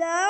down.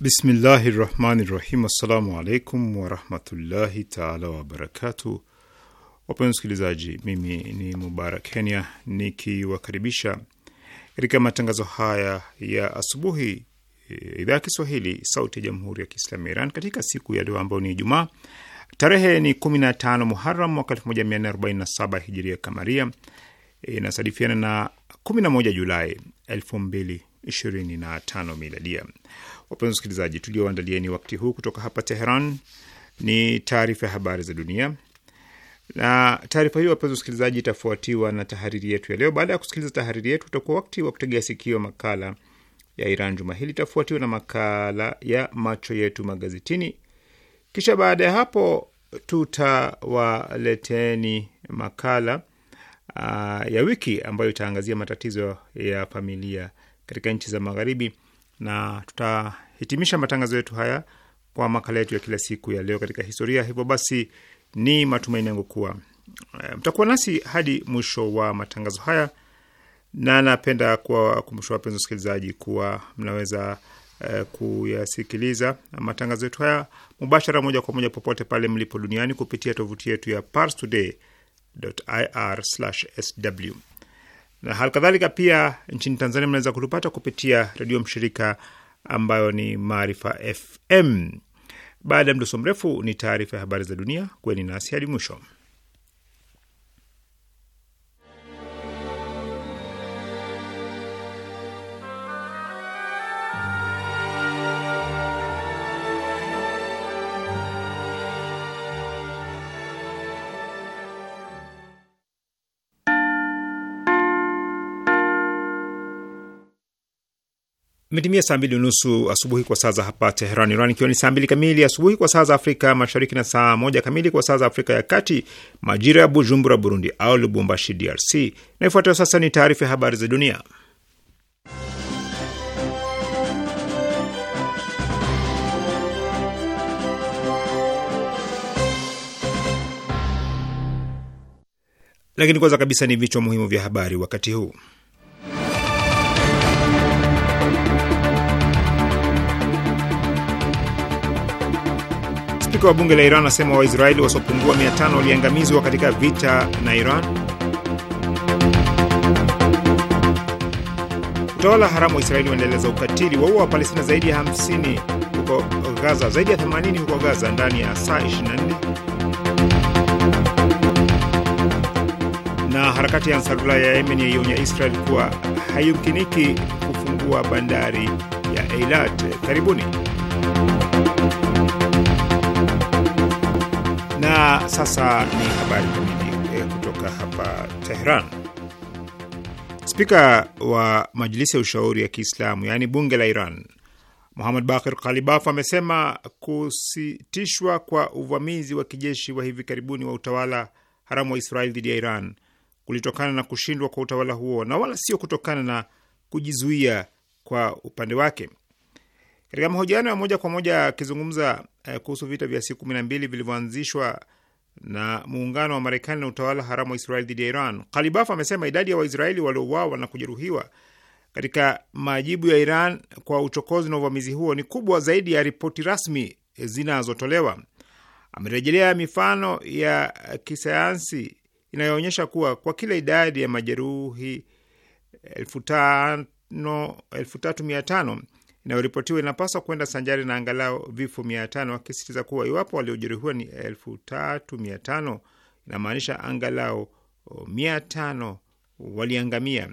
Bismillahi rahmani rahim. Assalamu alaikum warahmatullahi taala wabarakatu. Wapenzi msikilizaji mimi ni Mubarak Kenya nikiwakaribisha katika matangazo haya ya asubuhi eh, idhaa ya Kiswahili sauti ya jamhuri ya Kiislamu ya Iran katika siku ya leo ambayo ni Ijumaa tarehe ni 15 Muharam mwaka 1447 hijiria kamaria eh, inasadifiana na 11 Julai 2025 miladia. Wapenzi wasikilizaji, tulioandalieni wakati huu kutoka hapa Teheran ni taarifa ya habari za dunia, na taarifa hiyo wapenzi wasikilizaji, itafuatiwa na tahariri yetu ya leo. Baada ya kusikiliza tahariri yetu, utakuwa wakati wa kutegea sikio makala ya Iran juma hili, itafuatiwa na makala ya macho yetu magazetini, kisha baada ya hapo tutawaleteni makala uh, ya wiki ambayo itaangazia matatizo ya familia katika nchi za Magharibi na tutahitimisha matangazo yetu haya kwa makala yetu ya kila siku ya leo katika historia. Hivyo basi, ni matumaini yangu kuwa eh, mtakuwa nasi hadi mwisho wa matangazo haya, na napenda kuwakumbusha wapenzi wasikilizaji kuwa mnaweza eh, kuyasikiliza matangazo yetu haya mubashara, moja kwa moja, popote pale mlipo duniani kupitia tovuti yetu ya parstoday.ir/sw na hali kadhalika pia nchini Tanzania mnaweza kutupata kupitia redio mshirika ambayo ni Maarifa FM. Baada ya mdoso mrefu ni taarifa ya habari za dunia. Kuweni nasi hadi mwisho. Imetimia saa mbili nusu asubuhi kwa saa za hapa Teheran, Iran, ikiwa ni saa mbili kamili asubuhi kwa saa za Afrika Mashariki na saa moja kamili kwa saa za Afrika ya Kati, majira ya Bujumbura, Burundi, au Lubumbashi, DRC. Na ifuatayo sasa ni taarifa ya habari za dunia. Lakini kwanza kabisa ni vichwa muhimu vya habari wakati huu. Spika wa bunge la Iran anasema Waisraeli wasiopungua 500 waliangamizwa katika vita na Iran. Utawala haramu wa Israeli waendeleza ukatili, waua Wapalestina zaidi ya 50 huko Gaza, zaidi ya 80 huko Gaza ndani ya saa 24 na harakati ya Ansarullah ya Yemen yaionya Israel kuwa haimkiniki kufungua bandari ya Eilat. Karibuni. sasa ni habari kamili eh, kutoka hapa Tehran. Spika wa Majlisi ya Ushauri ya Kiislamu, yaani bunge la Iran, Muhamad Bakir Kalibaf amesema kusitishwa kwa uvamizi wa kijeshi wa hivi karibuni wa utawala haramu wa Israeli dhidi ya Iran kulitokana na kushindwa kwa utawala huo na wala sio kutokana na kujizuia kwa upande wake. Katika mahojiano ya moja kwa moja akizungumza eh, kuhusu vita vya siku kumi na mbili vilivyoanzishwa na muungano wa Marekani na utawala haramu wa israel dhidi ya Iran, Kalibaf amesema idadi ya Waisraeli waliouawa na kujeruhiwa katika majibu ya Iran kwa uchokozi na uvamizi huo ni kubwa zaidi ya ripoti rasmi zinazotolewa. Amerejelea mifano ya kisayansi inayoonyesha kuwa kwa kila idadi ya majeruhi elfu tano elfu tatu mia tano inayoripotiwa inapaswa kwenda sanjari na angalau vifo mia tano, akisisitiza kuwa iwapo waliojeruhiwa ni elfu tatu mia tano inamaanisha angalau oh, mia tano waliangamia.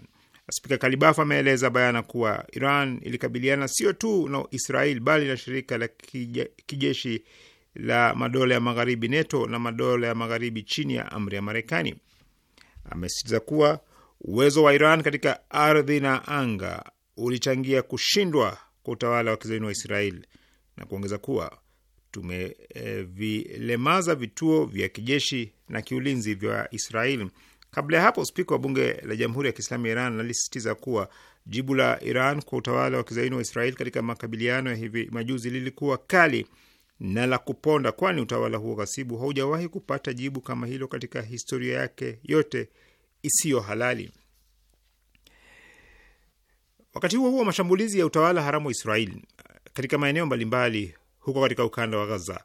Spika Kalibaf ameeleza bayana kuwa Iran ilikabiliana sio tu na no Israel bali na shirika la kijeshi la madola ya magharibi NATO na madola ya magharibi chini ya amri ya Marekani. Amesitiza kuwa uwezo wa Iran katika ardhi na anga ulichangia kushindwa kwa utawala wa kizaini wa Israel na kuongeza kuwa tumevilemaza e, vituo vya kijeshi na kiulinzi vya Israel. Kabla ya hapo, spika wa bunge la jamhuri ya kiislamu ya Iran alisisitiza kuwa jibu la Iran kwa utawala wa kizayuni wa Israel katika makabiliano ya hivi majuzi lilikuwa kali na la kuponda, kwani utawala huo ghasibu haujawahi kupata jibu kama hilo katika historia yake yote isiyo halali. Wakati huo huo, mashambulizi ya utawala haramu wa israel eh, katika maeneo mbalimbali huko katika ukanda wa Gaza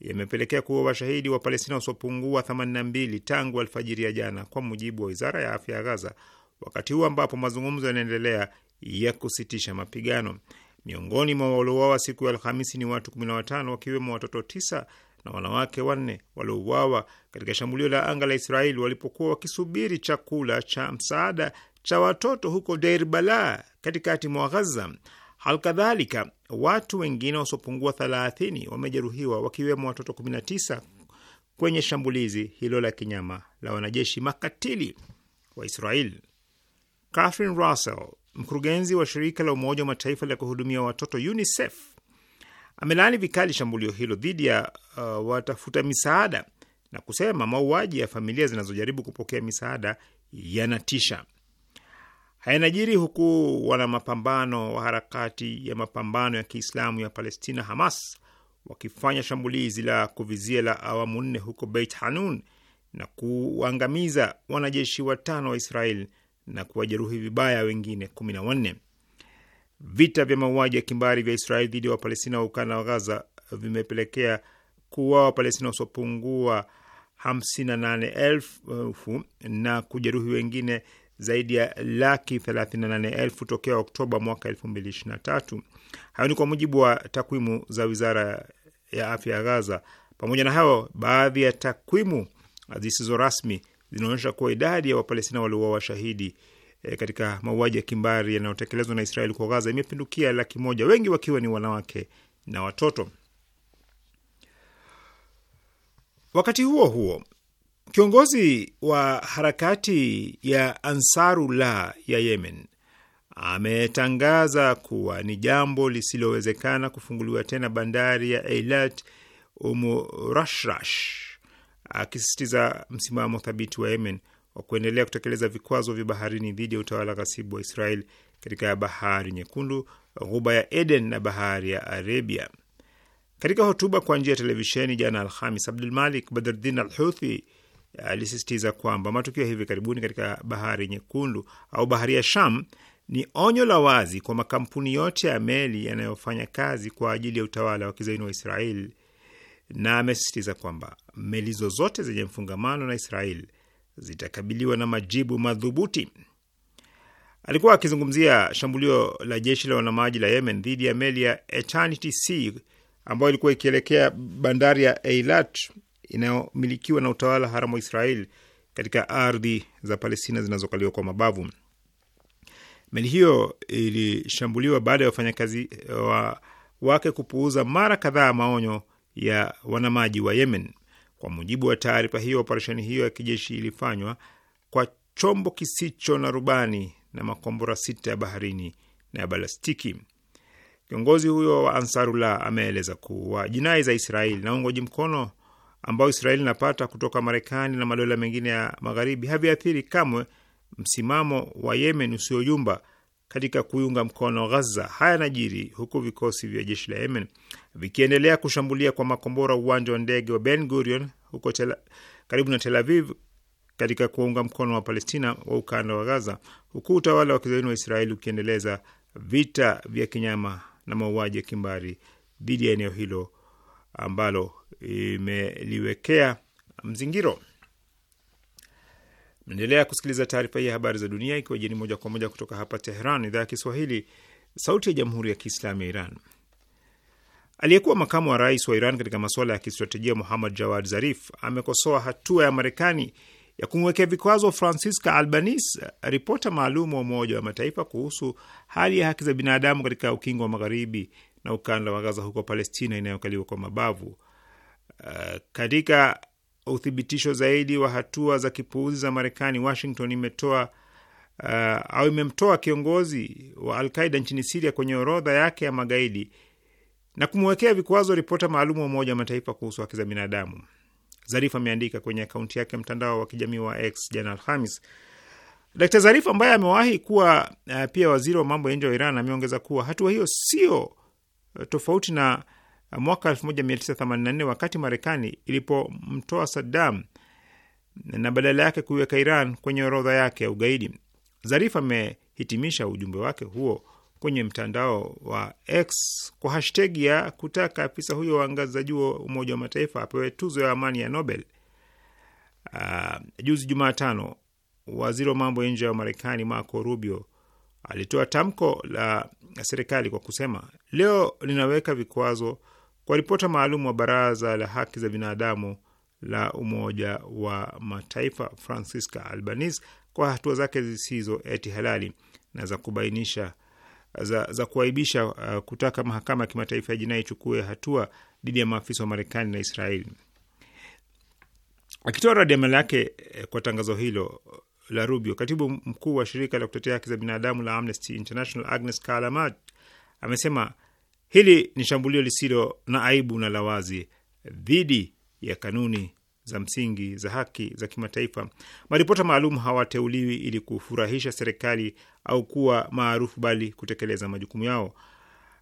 yamepelekea kuwa washahidi wa Palestina wasiopungua 82 tangu alfajiri ya jana, kwa mujibu wa wizara ya afya ya Gaza, wakati huo ambapo mazungumzo yanaendelea ya kusitisha mapigano. Miongoni mwa waliouawa siku ya Alhamisi ni watu 15 wakiwemo watoto 9 na wanawake wanne waliouawa katika shambulio la anga la Israeli walipokuwa wakisubiri chakula cha msaada cha watoto huko Deir Bala katikati mwa Ghaza. Halkadhalika, watu wengine wasiopungua 30 wamejeruhiwa wakiwemo watoto 19 kwenye shambulizi hilo la kinyama la wanajeshi makatili wa israel Catherine Russell, mkurugenzi wa shirika la Umoja wa Mataifa la kuhudumia watoto UNICEF, amelaani vikali shambulio hilo dhidi ya uh, watafuta misaada na kusema mauaji ya familia zinazojaribu kupokea misaada yanatisha hayanajiri huku wana mapambano wa harakati ya mapambano ya Kiislamu ya Palestina Hamas wakifanya shambulizi la kuvizia la awamu nne huko Beit Hanun na kuangamiza wanajeshi watano wa Israel na kuwajeruhi vibaya wengine kumi na wanne. Vita vya mauaji ya kimbari vya Israel dhidi ya Wapalestina wa ukanda wa Gaza vimepelekea kuwa Wapalestina wasiopungua elfu uh, na kujeruhi wengine zaidi ya laki 38,000 tokea Oktoba mwaka 2023. Hayo ni kwa mujibu wa takwimu za wizara ya afya ya Gaza. Pamoja na hayo, baadhi ya takwimu zisizo rasmi zinaonyesha kuwa idadi ya Wapalestina waliouawa washahidi e, eh, katika mauaji ya kimbari yanayotekelezwa na Israeli kwa Gaza imepindukia laki moja, wengi wakiwa ni wanawake na watoto. Wakati huo huo Kiongozi wa harakati ya Ansarullah ya Yemen ametangaza kuwa ni jambo lisilowezekana kufunguliwa tena bandari ya Eilat Umurashrash, akisisitiza msimamo thabiti wa Yemen wa kuendelea kutekeleza vikwazo vya baharini dhidi ya utawala ghasibu wa Israel katika Bahari Nyekundu, Ghuba ya Eden na Bahari ya Arabia. Katika hotuba kwa njia ya televisheni jana Alhamis, Abdulmalik Badruddin Alhuthi alisisitiza kwamba matukio hivi karibuni katika bahari nyekundu au bahari ya Sham ni onyo la wazi kwa makampuni yote ya meli yanayofanya kazi kwa ajili ya utawala wa kizaini wa Israel, na amesisitiza kwamba meli zozote zenye mfungamano na Israel zitakabiliwa na majibu madhubuti. Alikuwa akizungumzia shambulio la jeshi la wanamaji la Yemen dhidi ya meli ya Eternity Sea ambayo ilikuwa ikielekea bandari ya Eilat inayomilikiwa na utawala haramu wa Israel katika ardhi za Palestina zinazokaliwa kwa mabavu. Meli hiyo ilishambuliwa baada ya wafanyakazi wa wake kupuuza mara kadhaa maonyo ya wanamaji wa Yemen. Kwa mujibu wa taarifa hiyo, operesheni hiyo ya kijeshi ilifanywa kwa chombo kisicho na rubani na makombora sita ya baharini na ya balastiki. Kiongozi huyo wa Ansarullah ameeleza kuwa jinai za Israeli na uungwaji mkono ambayo Israeli inapata kutoka Marekani na madola mengine ya Magharibi haviathiri kamwe msimamo wa Yemen usioyumba katika kuiunga mkono Ghaza. Haya yanajiri huku vikosi vya jeshi la Yemen vikiendelea kushambulia kwa makombora uwanja wa ndege wa Ben Gurion huko tela, karibu na Tel Aviv katika kuwaunga mkono wa Palestina wa ukanda wa Gaza, huku utawala wa kizayuni wa Israeli ukiendeleza vita vya kinyama na mauaji ya kimbari dhidi ya eneo hilo ambalo imeliwekea mzingiro. Naendelea kusikiliza taarifa hii ya habari za dunia, ikiwa jeni moja kwa moja kutoka hapa Tehran, idhaa ya Kiswahili, sauti ya jamhuri ya kiislamu ya Iran. Aliyekuwa makamu wa rais wa Iran katika masuala ya kistratejia Muhammad Jawad Zarif amekosoa hatua ya Marekani ya kumwekea vikwazo Francisca Albanese, ripota maalum wa Umoja wa Mataifa kuhusu hali ya haki za binadamu katika ukingo wa magharibi na ukanda wa Gaza huko Palestina inayokaliwa kwa mabavu. Eh, katika uthibitisho zaidi wa hatua za kipuuzi za Marekani, Washington imetoa uh, au imemtoa kiongozi wa Alqaida nchini Siria kwenye orodha yake ya magaidi na kumwekea vikwazo ripota maalum wa Umoja wa Mataifa kuhusu haki za binadamu. Zarifa ameandika kwenye akaunti yake mtandao wa kijamii wa X jana Alhamis. Dr Zarifa ambaye amewahi kuwa uh, pia waziri wa mambo ya nje wa Iran ameongeza kuwa hatua hiyo sio uh, tofauti na mwaka 1984 wakati Marekani ilipomtoa Saddam na badala yake kuiweka Iran kwenye orodha yake ya ugaidi. Zarif amehitimisha ujumbe wake huo kwenye mtandao wa X kwa hashtegi ya kutaka afisa huyo wa ngazi za juu wa Umoja wa Mataifa apewe tuzo ya amani ya Nobel. Uh, juzi Jumatano, waziri wa mambo ya nje wa Marekani Marco Rubio alitoa tamko la serikali kwa kusema, leo linaweka vikwazo kwa ripota maalum wa baraza la haki za binadamu la Umoja wa Mataifa, Francisca Albanese, kwa hatua zake zisizo eti halali na za kubainisha za, za kuaibisha uh, kutaka mahakama ya kimataifa ya jinai ichukue hatua dhidi ya maafisa wa Marekani na Israeli. Akitoa radiamali yake eh, kwa tangazo hilo uh, la Rubio, katibu mkuu wa shirika la kutetea haki za binadamu la Amnesty International Agnes Callamard amesema Hili ni shambulio lisilo na aibu na la wazi dhidi ya kanuni za msingi za haki za kimataifa. Maripota maalum hawateuliwi ili kufurahisha serikali au kuwa maarufu, bali kutekeleza majukumu yao.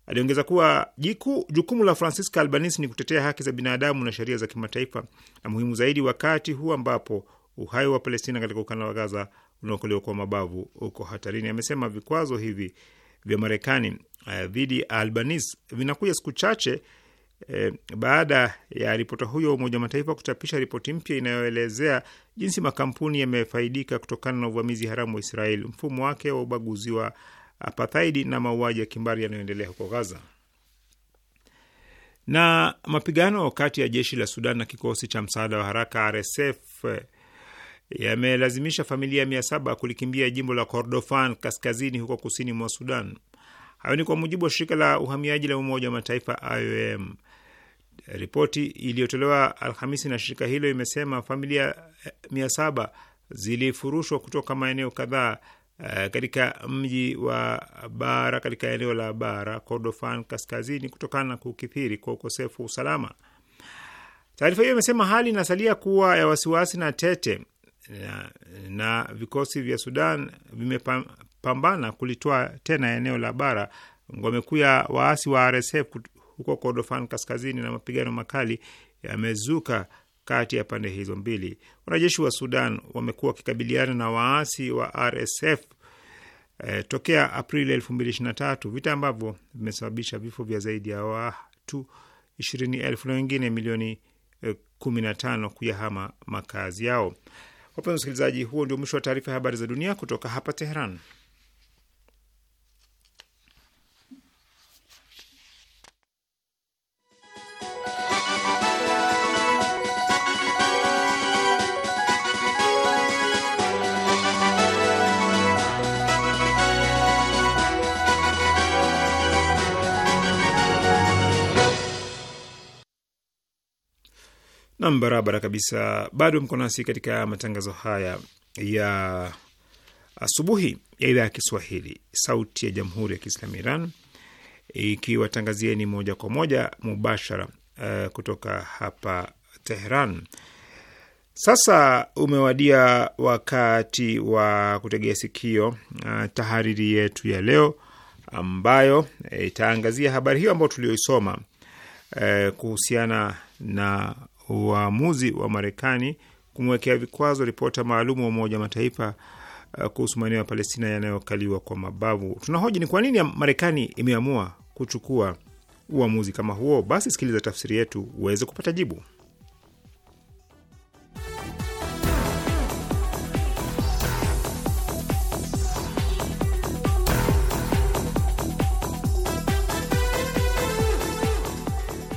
Aliongeza kuwa jiku, jukumu la Francisca Albanese ni kutetea haki za binadamu na sheria za kimataifa, na muhimu zaidi wakati huu ambapo uhai wa Palestina katika ukanda wa Gaza unaokolewa kwa mabavu uko hatarini. Amesema vikwazo hivi vya Marekani eh, dhidi ya Albanese vinakuja siku chache E, baada ya ripota huyo wa Umoja wa Mataifa kuchapisha ripoti mpya inayoelezea jinsi makampuni yamefaidika kutokana na uvamizi haramu wa Israeli, mfumo wake wa ubaguzi wa apathaidi na mauaji ya kimbari yanayoendelea huko Gaza. Na mapigano kati ya jeshi la Sudan na kikosi cha msaada wa haraka RSF eh, yamelazimisha familia mia saba kulikimbia jimbo la Kordofan kaskazini huko kusini mwa Sudan. Hayo ni kwa mujibu wa shirika la uhamiaji la Umoja wa Mataifa IOM. Ripoti iliyotolewa Alhamisi na shirika hilo imesema familia eh, mia saba zilifurushwa kutoka maeneo kadhaa eh, katika mji wa Bara katika eneo la Bara Kordofan kaskazini kutokana na kukithiri kwa ukosefu wa usalama. Taarifa hiyo imesema hali inasalia kuwa ya wasiwasi na tete na, eh, na vikosi vya Sudan vimepambana kulitoa tena eneo la bara. Ngome kuu ya waasi wa RSF huko Kordofan kaskazini na mapigano makali yamezuka kati ya pande hizo mbili. Wanajeshi wa Sudan wamekuwa wakikabiliana na waasi wa RSF e, eh, tokea Aprili 2023, vita ambavyo vimesababisha vifo vya zaidi ya watu 20,000 na wengine milioni 15 eh, kuyahama makazi yao. Wapenzi wasikilizaji, huo ndio mwisho wa taarifa ya habari za dunia kutoka hapa Teheran. Nam, barabara kabisa. Bado mko nasi katika matangazo haya ya asubuhi ya idhaa ya Kiswahili, Sauti ya Jamhuri ya Kiislamu Iran, ikiwatangazieni moja kwa moja mubashara uh, kutoka hapa Teheran. Sasa umewadia wakati wa kutegea sikio uh, tahariri yetu ya leo ambayo eh, itaangazia habari hiyo ambayo tulioisoma uh, kuhusiana na uamuzi wa Marekani kumwekea vikwazo ripota maalumu wa Umoja wa Mataifa uh, kuhusu maeneo ya Palestina yanayokaliwa kwa mabavu. Tunahoji ni kwa nini Marekani imeamua kuchukua uamuzi kama huo. Basi sikiliza tafsiri yetu uweze kupata jibu.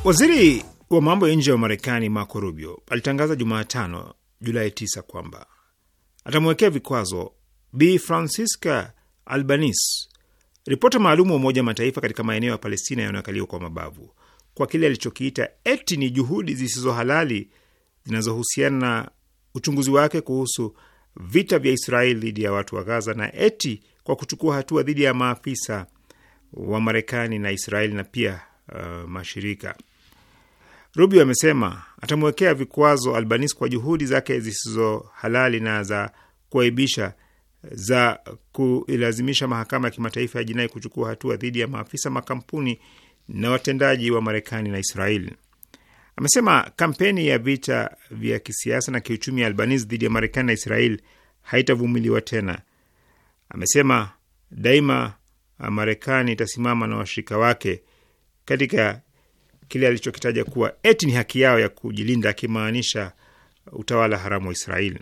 Waziri wa mambo ya nje wa Marekani Marco Rubio alitangaza Jumatano Julai 9 kwamba atamwekea vikwazo Bi Francisca Albanese, ripota maalumu wa Umoja Mataifa katika maeneo ya Palestina yanayokaliwa kwa mabavu, kwa kile alichokiita eti ni juhudi zisizo halali zinazohusiana na uchunguzi wake kuhusu vita vya Israeli dhidi ya watu wa Gaza na eti kwa kuchukua hatua dhidi ya maafisa wa Marekani na Israeli na pia uh, mashirika Rubio amesema atamwekea vikwazo Albanis kwa juhudi zake zisizo halali na za kuaibisha za kuilazimisha mahakama ya kimataifa ya jinai kuchukua hatua dhidi ya maafisa, makampuni na watendaji wa Marekani na Israeli. Amesema kampeni ya vita vya kisiasa na kiuchumi ya Albanese dhidi ya Marekani na israel haitavumiliwa tena. Amesema daima Marekani itasimama na washirika wake katika kile alichokitaja kuwa eti ni haki yao ya kujilinda, akimaanisha utawala haramu wa Israeli.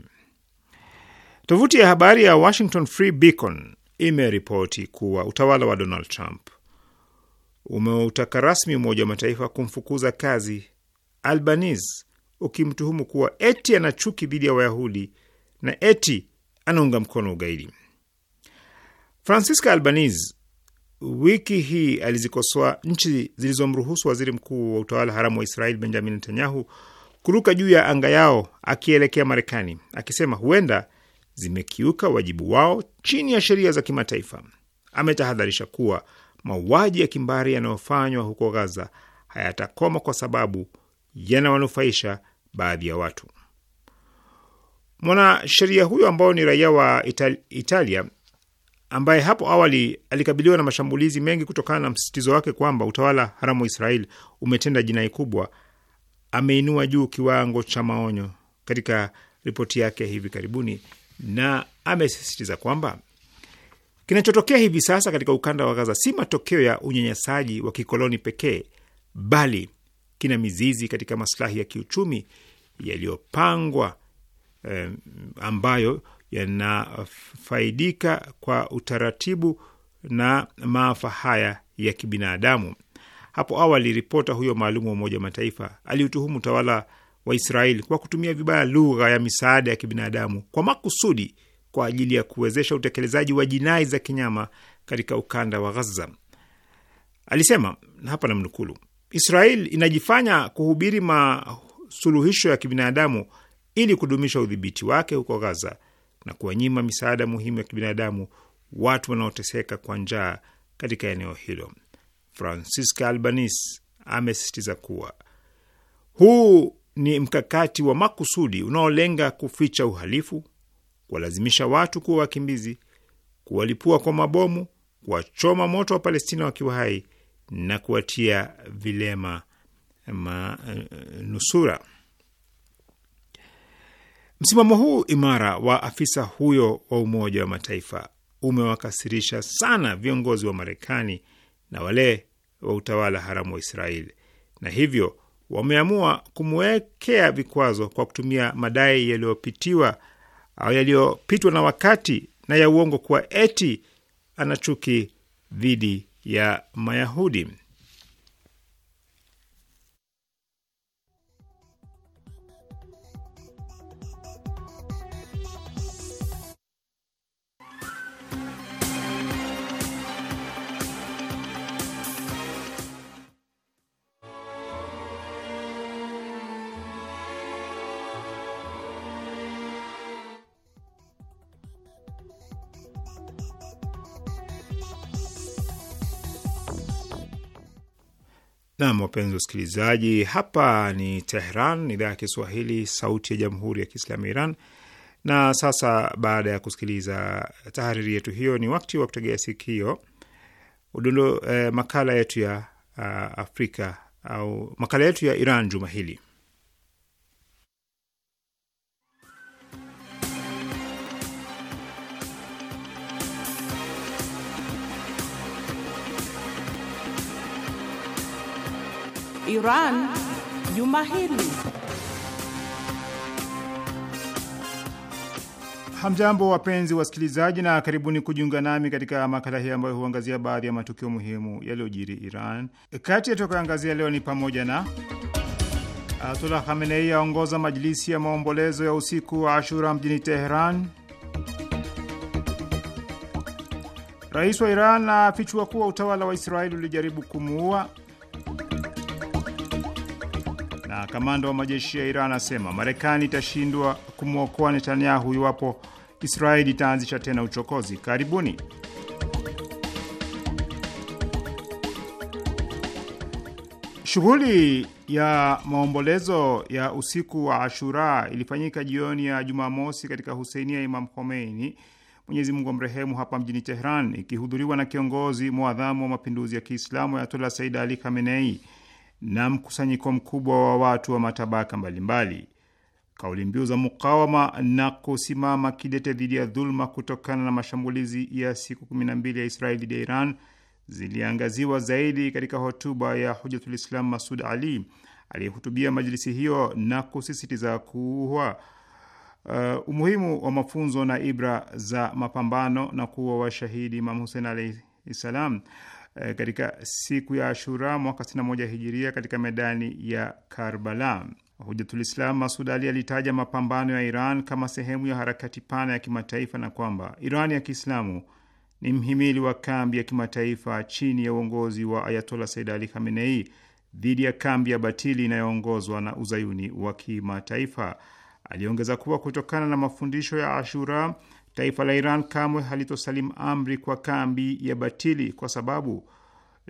Tovuti ya habari ya Washington Free Beacon imeripoti kuwa utawala wa Donald Trump umeutaka rasmi Umoja wa Mataifa kumfukuza kazi Albanese ukimtuhumu kuwa eti ana chuki dhidi ya Wayahudi na eti anaunga mkono ugaidi. Francisca Albanese wiki hii alizikosoa nchi zilizomruhusu waziri mkuu wa utawala haramu wa Israel Benjamin Netanyahu kuruka juu ya anga yao akielekea Marekani, akisema huenda zimekiuka wajibu wao chini ya sheria za kimataifa. Ametahadharisha kuwa mauaji ya kimbari yanayofanywa huko Gaza hayatakoma kwa sababu yanawanufaisha baadhi ya watu. Mwanasheria huyo ambao ni raia wa Italia ambaye hapo awali alikabiliwa na mashambulizi mengi kutokana na msisitizo wake kwamba utawala haramu wa Israel umetenda jinai kubwa, ameinua juu kiwango cha maonyo katika ripoti yake hivi karibuni, na amesisitiza kwamba kinachotokea hivi sasa katika ukanda wa Gaza si matokeo ya unyanyasaji wa kikoloni pekee, bali kina mizizi katika maslahi ya kiuchumi yaliyopangwa eh, ambayo yanafaidika kwa utaratibu na maafa haya ya kibinadamu. Hapo awali ripota huyo maalum wa Umoja wa Mataifa aliutuhumu utawala wa Israeli kwa kutumia vibaya lugha ya misaada ya kibinadamu kwa makusudi kwa ajili ya kuwezesha utekelezaji wa jinai za kinyama katika ukanda wa Gaza. Alisema na hapa namnukulu, Israel inajifanya kuhubiri masuluhisho ya kibinadamu ili kudumisha udhibiti wake huko Gaza, na kuwanyima misaada muhimu ya kibinadamu watu wanaoteseka kwa njaa katika eneo hilo. Francisca Albanese amesisitiza kuwa huu ni mkakati wa makusudi unaolenga kuficha uhalifu, kuwalazimisha watu kuwa wakimbizi, kuwalipua kwa mabomu, kuwachoma moto wa Palestina wakiwa hai na kuwatia vilema manusura. Eh, Msimamo huu imara wa afisa huyo wa Umoja wa Mataifa umewakasirisha sana viongozi wa Marekani na wale wa utawala haramu wa Israeli na hivyo wameamua kumwekea vikwazo kwa kutumia madai yaliyopitiwa au yaliyopitwa na wakati na ya uongo kuwa eti ana chuki dhidi ya Mayahudi. Nam, wapenzi usikilizaji, hapa ni Tehran, idhaa ya Kiswahili, sauti ya jamhuri ya kiislamu ya Iran. Na sasa baada ya kusikiliza tahariri yetu hiyo, ni wakati wa kutegea sikio udondo, eh, makala yetu ya uh, Afrika au makala yetu ya Iran juma hili. Iran juma hili. Hamjambo, wapenzi wasikilizaji, na karibuni kujiunga nami katika makala hii ambayo huangazia baadhi ya matukio muhimu yaliyojiri Iran. Kati yatakayoangazia leo ni pamoja na Ayatullah Khamenei aongoza majilisi ya maombolezo ya usiku wa Ashura mjini Teheran, rais wa Iran afichua kuwa utawala wa Israeli ulijaribu kumuua kamanda wa majeshi ya Iran anasema Marekani itashindwa kumwokoa Netanyahu iwapo Israeli itaanzisha tena uchokozi karibuni. Shughuli ya maombolezo ya usiku wa Ashura ilifanyika jioni ya Jumamosi katika huseinia ya Imam Khomeini, Mwenyezi Mungu amrehemu, hapa mjini Tehran, ikihudhuriwa na kiongozi mwadhamu wa mapinduzi ya Kiislamu Ayatollah Said Ali Khamenei na mkusanyiko mkubwa wa watu wa matabaka mbalimbali. Kauli mbiu za mukawama na kusimama kidete dhidi ya dhuluma kutokana na mashambulizi ya siku kumi na mbili ya Israeli dhidi ya Iran ziliangaziwa zaidi katika hotuba ya Hujatulislam Masud Ali aliyehutubia majilisi hiyo na kusisitiza kuwa uh, umuhimu wa mafunzo na ibra za mapambano na kuwa washahidi Imam Husein alaihi salam Eh, katika siku ya Ashura mwaka 61 hijiria katika medani ya Karbala. Islam Masud Ali alitaja mapambano ya Iran kama sehemu ya harakati pana ya kimataifa na kwamba Iran ya Kiislamu ni mhimili wa kambi ya kimataifa chini ya uongozi wa Ayatola Said Ali Khamenei dhidi ya kambi ya batili inayoongozwa na uzayuni wa kimataifa. Aliongeza kuwa kutokana na mafundisho ya Ashura Taifa la Iran kamwe halitosalimu amri kwa kambi ya batili, kwa sababu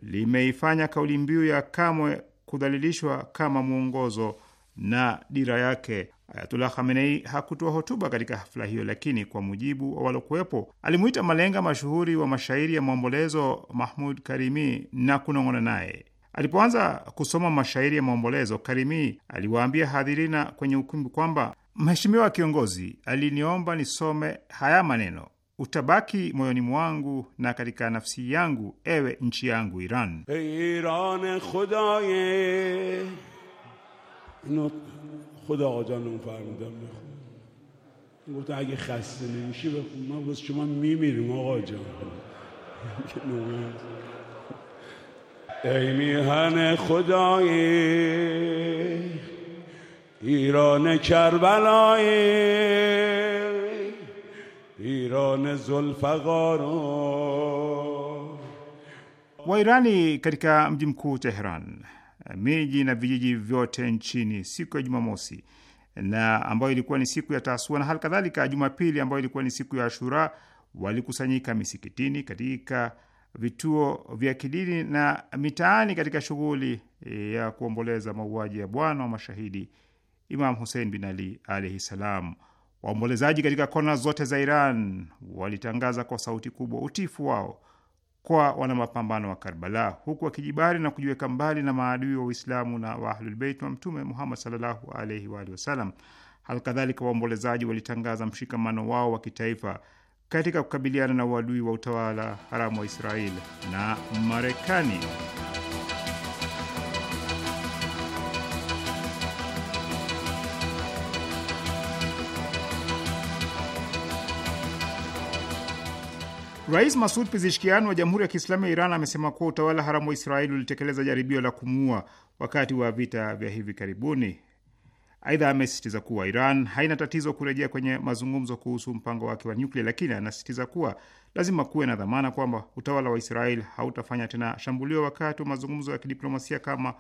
limeifanya kauli mbiu ya kamwe kudhalilishwa kama mwongozo na dira yake. Ayatullah Khamenei hakutoa hotuba katika hafla hiyo, lakini kwa mujibu wa walokuwepo, alimuita malenga mashuhuri wa mashairi ya maombolezo Mahmud Karimi na kunong'ona naye. Alipoanza kusoma mashairi ya maombolezo, Karimi aliwaambia hadhirina kwenye ukumbi kwamba Mheshimiwa kiongozi aliniomba nisome haya maneno: utabaki moyoni mwangu na katika nafsi yangu, ewe nchi yangu Iran. Iran farmudam age khaste nemishi bas shoma mimirim jan ایران کربلای ایران zulfagaro Wairani katika mji mkuu teheran miji na vijiji vyote nchini siku ya Jumamosi na ambayo ilikuwa ni siku ya Taasua na hali kadhalika Jumapili ambayo ilikuwa ni siku ya Ashura walikusanyika misikitini, katika vituo vya kidini na mitaani katika shughuli eh, ya kuomboleza mauaji ya Bwana wa mashahidi Imam husein bin Ali alaihi salam. Waombolezaji katika kona zote za Iran walitangaza kwa sauti kubwa utifu wao kwa wanamapambano wa Karbala, huku wakijibari na kujiweka mbali na maadui wa Uislamu na wa Ahlulbeit wa Mtume Muhammad sallallahu alaihi waalihi wasalam. Halikadhalika, waombolezaji walitangaza mshikamano wao wa kitaifa katika kukabiliana na uadui wa utawala haramu wa Israeli na Marekani. Rais Masud Pizishkian wa Jamhuri ya Kiislamu ya Iran amesema kuwa utawala haramu wa Israeli ulitekeleza jaribio la kumuua wakati wa vita vya hivi karibuni. Aidha, amesisitiza kuwa Iran haina tatizo kurejea kwenye mazungumzo kuhusu mpango wake wa nyuklia, lakini anasisitiza kuwa lazima kuwe na dhamana kwamba utawala wa Israel hautafanya tena shambulio wakati wa mazungumzo ya kidiplomasia kama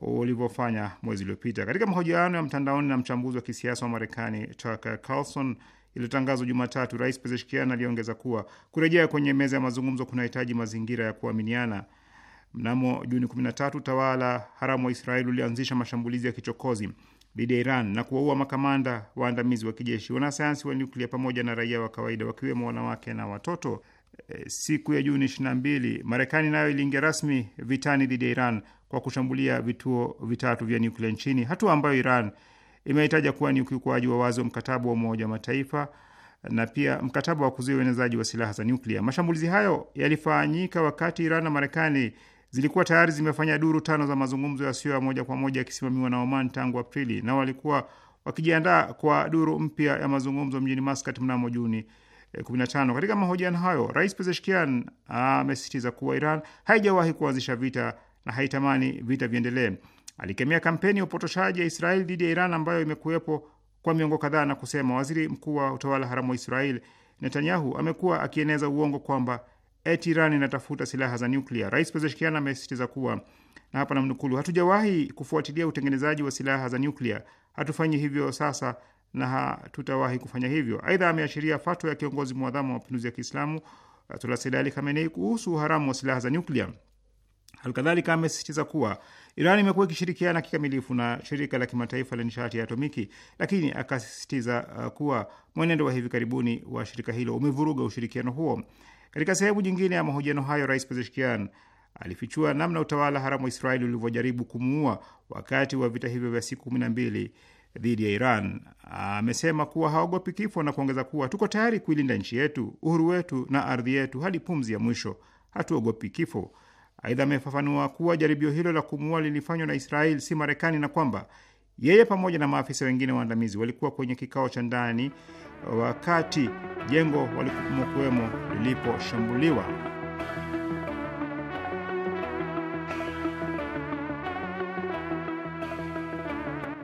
ulivyofanya mwezi uliopita. Katika mahojiano ya mtandaoni na mchambuzi wa kisiasa wa Marekani Tucker Carlson, iliyotangazwa Jumatatu, Rais Pezeshkian aliongeza kuwa kurejea kwenye meza ya mazungumzo kunahitaji mazingira ya kuaminiana. Mnamo Juni 13 tawala haramu wa Israeli ulianzisha mashambulizi ya kichokozi dhidi ya Iran na kuwaua makamanda waandamizi wa kijeshi, wanasayansi wa nyuklia pamoja na raia wa kawaida, wakiwemo wanawake na watoto. E, siku ya Juni 22 Marekani nayo iliingia rasmi vitani dhidi ya Iran kwa kushambulia vituo vitatu vya nyuklia nchini, hatua ambayo Iran imehitaja kuwa ni ukiukwaji wa wazi wa mkataba wa Umoja wa Mataifa na pia mkataba wa kuzuia uenezaji wa silaha za nyuklia. Mashambulizi hayo yalifanyika wakati Iran na Marekani zilikuwa tayari zimefanya duru tano za mazungumzo yasiyo ya moja kwa moja yakisimamiwa na Oman tangu Aprili, na walikuwa wakijiandaa kwa duru mpya ya mazungumzo mjini Muscat mnamo Juni 15. Eh, Katika mahojiano hayo, Rais Pezeshkian amesisitiza kuwa Iran haijawahi kuanzisha vita na haitamani vita viendelee. Alikemea kampeni ya upotoshaji ya Israeli dhidi ya Iran ambayo imekuwepo kwa miongo kadhaa na kusema waziri mkuu wa utawala haramu wa israel Netanyahu amekuwa akieneza uongo kwamba eti Iran inatafuta silaha za nyuklia. Rais Pezeshkian amesisitiza kuwa na hapa namnukuu, hatujawahi kufuatilia utengenezaji wa silaha za nyuklia, hatufanyi hivyo sasa na hatutawahi kufanya hivyo. Aidha, ameashiria fatwa ya kiongozi mwadhamu wa mapinduzi ya Kiislamu Ayatullah Sayyid Ali Khamenei kuhusu uharamu wa silaha za nyuklia. Halikadhalika amesisitiza kuwa Iran imekuwa ikishirikiana kikamilifu na shirika la kimataifa la nishati ya atomiki, lakini akasisitiza uh, kuwa mwenendo wa hivi karibuni wa shirika hilo umevuruga ushirikiano huo. Katika sehemu nyingine ya mahojiano hayo, Rais Pezeshkian alifichua namna utawala haramu wa Israeli ulivyojaribu kumuua wakati wa vita hivyo vya siku kumi na mbili dhidi ya Iran. Amesema kuwa hawagopi kifo na kuongeza kuwa tuko tayari kuilinda nchi yetu, uhuru wetu na ardhi yetu hadi pumzi ya mwisho. Hatuogopi kifo. Aidha, amefafanua kuwa jaribio hilo la kumuua lilifanywa na Israel, si Marekani, na kwamba yeye pamoja na maafisa wengine waandamizi walikuwa kwenye kikao cha ndani wakati jengo walimokuwemo liliposhambuliwa.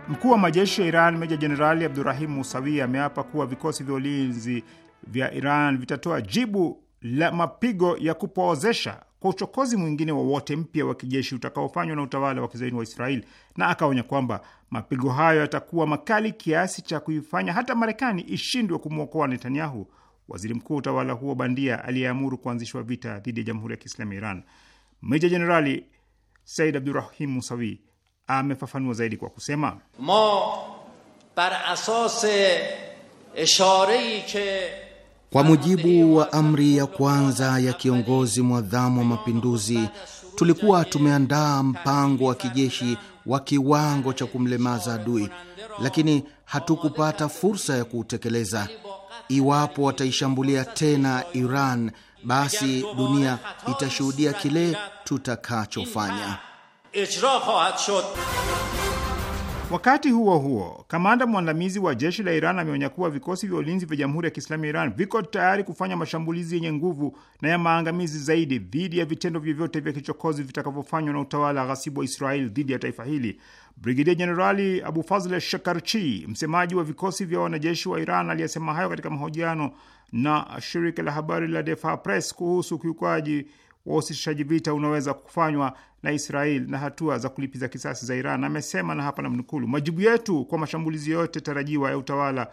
Mkuu wa majeshi ya Iran Meja Jenerali Abdurahim Musawi ameapa kuwa vikosi vya ulinzi vya Iran vitatoa jibu la mapigo ya kupoozesha kwa uchokozi mwingine wowote mpya wa kijeshi utakaofanywa na utawala wa kizaini wa Israeli, na akaonya kwamba mapigo hayo yatakuwa makali kiasi cha kuifanya hata Marekani ishindwe kumwokoa Netanyahu, waziri mkuu wa utawala huo bandia aliyeamuru kuanzishwa vita dhidi ya jamhuri ya kiislamu ya Iran. Meja Jenerali Said Abdurahim Musawi amefafanua zaidi kwa kusema Ma, bar kwa mujibu wa amri ya kwanza ya kiongozi mwadhamu wa mapinduzi, tulikuwa tumeandaa mpango wa kijeshi wa kiwango cha kumlemaza adui, lakini hatukupata fursa ya kuutekeleza. Iwapo wataishambulia tena Iran, basi dunia itashuhudia kile tutakachofanya. Wakati huo huo, kamanda mwandamizi wa jeshi la Iran ameonya kuwa vikosi vya ulinzi vya Jamhuri ya Kiislamu ya Iran viko tayari kufanya mashambulizi yenye nguvu na ya maangamizi zaidi dhidi ya vitendo vyovyote vya kichokozi vitakavyofanywa na utawala ghasibu wa israel dhidi ya taifa hili. Brigedia Jenerali Abu Fazl Shakarchi, msemaji wa vikosi vya wanajeshi wa Iran, aliyesema hayo katika mahojiano na shirika la habari la Defa Press kuhusu ukiukaji wa usitishaji vita unaweza kufanywa na Israel na hatua za kulipiza kisasi za Iran. Amesema na hapa namnukulu, majibu yetu kwa mashambulizi yote tarajiwa ya utawala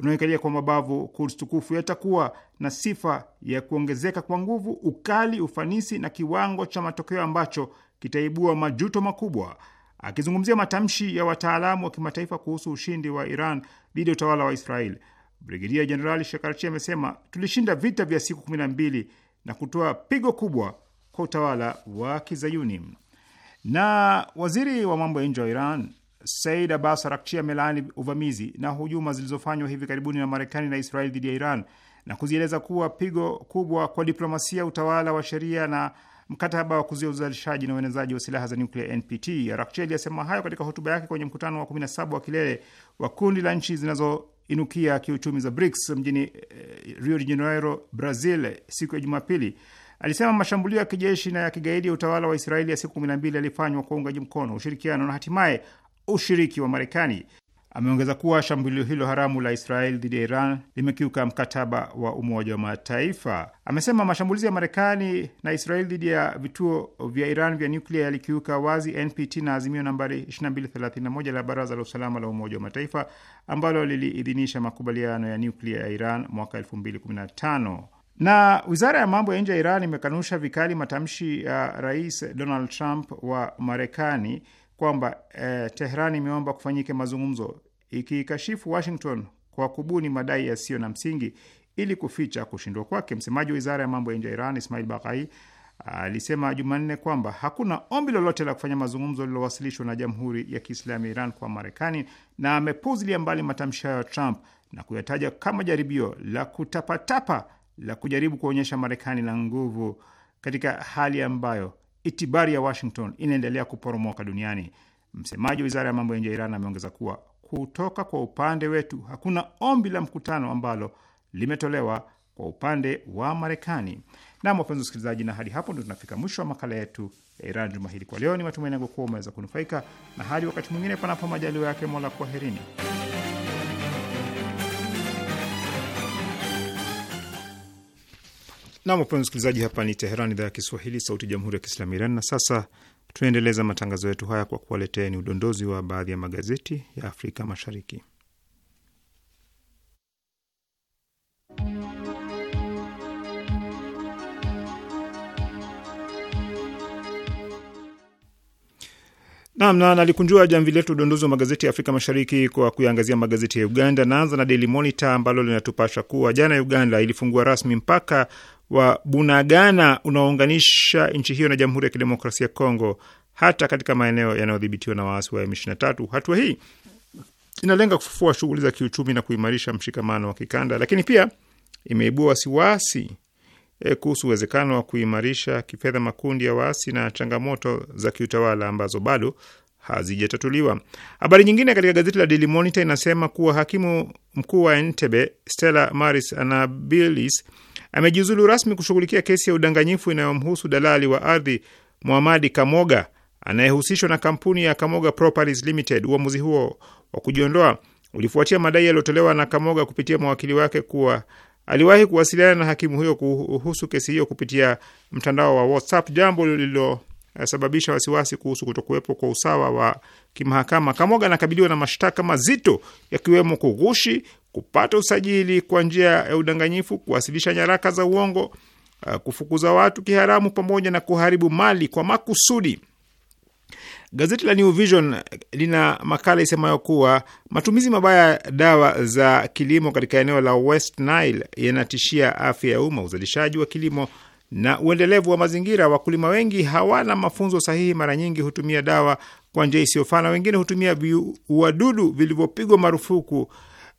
unaoikalia kwa mabavu Quds tukufu yatakuwa na sifa ya kuongezeka kwa nguvu, ukali, ufanisi na kiwango cha matokeo ambacho kitaibua majuto makubwa. Akizungumzia matamshi ya wataalamu wa kimataifa kuhusu ushindi wa Iran dhidi ya utawala wa Israel, Brigedia Jenerali Shekarchi amesema tulishinda vita vya siku kumi na mbili na kutoa pigo kubwa kwa utawala wa Kizayuni. Na waziri wa mambo ya nje wa Iran Said Abbas Arakchi amelaani uvamizi na hujuma zilizofanywa hivi karibuni na Marekani na Israeli dhidi ya Iran na kuzieleza kuwa pigo kubwa kwa diplomasia, utawala wa sheria na mkataba wa kuzuia uzalishaji na uenezaji wa silaha za nyuklia NPT. Arakchi aliyesema hayo katika hotuba yake kwenye mkutano wa 17 wa kilele wa kundi la nchi zinazoinukia kiuchumi za BRICS mjini eh, Rio de Janeiro, Brazil siku ya Jumapili Alisema mashambulio ya kijeshi na ya kigaidi ya utawala wa Israeli ya siku kumi na mbili yalifanywa kwa uungaji mkono, ushirikiano na hatimaye ushiriki wa Marekani. Ameongeza kuwa shambulio hilo haramu la Israel dhidi ya Iran limekiuka mkataba wa Umoja wa Mataifa. Amesema mashambulizi ya Marekani na Israel dhidi ya vituo vya Iran vya nyuklia yalikiuka wazi NPT na azimio nambari 2231 la Baraza la Usalama la Umoja wa Mataifa ambalo liliidhinisha makubaliano ya nyuklia ya Iran mwaka 2015. Na wizara ya mambo ya nje ya Iran imekanusha vikali matamshi ya rais Donald Trump wa Marekani kwamba eh, Tehran imeomba kufanyike mazungumzo, ikikashifu Washington kwa kubuni madai yasiyo na msingi ili kuficha kushindwa kwake. Msemaji wa wizara ya mambo ya nje ya Iran Ismail Bakai alisema Jumanne kwamba hakuna ombi lolote la kufanya mazungumzo lililowasilishwa na Jamhuri ya Kiislamu ya Iran kwa Marekani, na amepuzilia mbali matamshi hayo ya Trump na kuyataja kama jaribio la kutapatapa la kujaribu kuonyesha Marekani na nguvu katika hali ambayo itibari ya Washington inaendelea kuporomoka duniani. Msemaji wa wizara ya mambo ya nje ya Iran ameongeza kuwa kutoka kwa upande wetu hakuna ombi la mkutano ambalo limetolewa kwa upande wa Marekani. Na wapenzi wasikilizaji, na hadi hapo ndo tunafika mwisho wa makala yetu ya Iran juma hili. Kwa leo, ni matumaini yangu kuwa umeweza kunufaika, na hadi wakati mwingine, panapo majaliwa yake Mola, kwaherini. Nam, wapenzi msikilizaji, hapa ni Teheran, idhaa ya Kiswahili, sauti ya jamhuri ya kiislamu Iran. Na sasa tunaendeleza matangazo yetu haya kwa kuwaletea ni udondozi wa baadhi ya magazeti ya Afrika Mashariki. Naam, na nalikunjua jamvi letu udondozi wa magazeti ya Afrika Mashariki kwa kuyaangazia magazeti ya Uganda. Naanza na Daily Monitor ambalo linatupasha kuwa jana ya Uganda ilifungua rasmi mpaka wa Bunagana unaounganisha nchi hiyo na Jamhuri ya Kidemokrasia ya Kongo, hata katika maeneo yanayodhibitiwa na waasi wa M23. Hatua hii inalenga kufufua shughuli za kiuchumi na kuimarisha mshikamano wa kikanda, lakini pia imeibua wasiwasi e, kuhusu uwezekano wa kuimarisha kifedha makundi ya waasi na changamoto za kiutawala ambazo bado hazijatatuliwa. Habari nyingine katika gazeti la Daily Monitor inasema kuwa hakimu mkuu wa Entebbe Stella Maris Anabilis amejiuzulu rasmi kushughulikia kesi ya udanganyifu inayomhusu dalali wa ardhi Muhamadi Kamoga anayehusishwa na kampuni ya Kamoga Properties Limited. Uamuzi huo wa kujiondoa ulifuatia madai yaliyotolewa na Kamoga kupitia mawakili wake kuwa aliwahi kuwasiliana na hakimu huyo kuhusu kesi hiyo kupitia mtandao wa WhatsApp, jambo lililo inasababisha wasiwasi kuhusu kutokuwepo kwa usawa wa kimahakama. Kamoga anakabiliwa na mashtaka mazito yakiwemo kughushi, kupata usajili kwa njia ya udanganyifu, kuwasilisha nyaraka za uongo, uh, kufukuza watu kiharamu, pamoja na kuharibu mali kwa makusudi. Gazeti la New Vision lina makala isemayo kuwa matumizi mabaya ya dawa za kilimo katika eneo la West Nile yanatishia afya ya umma, uzalishaji wa kilimo na uendelevu wa mazingira. Wakulima wengi hawana mafunzo sahihi, mara nyingi hutumia dawa kwa njia isiyofaa na wengine hutumia wadudu vilivyopigwa marufuku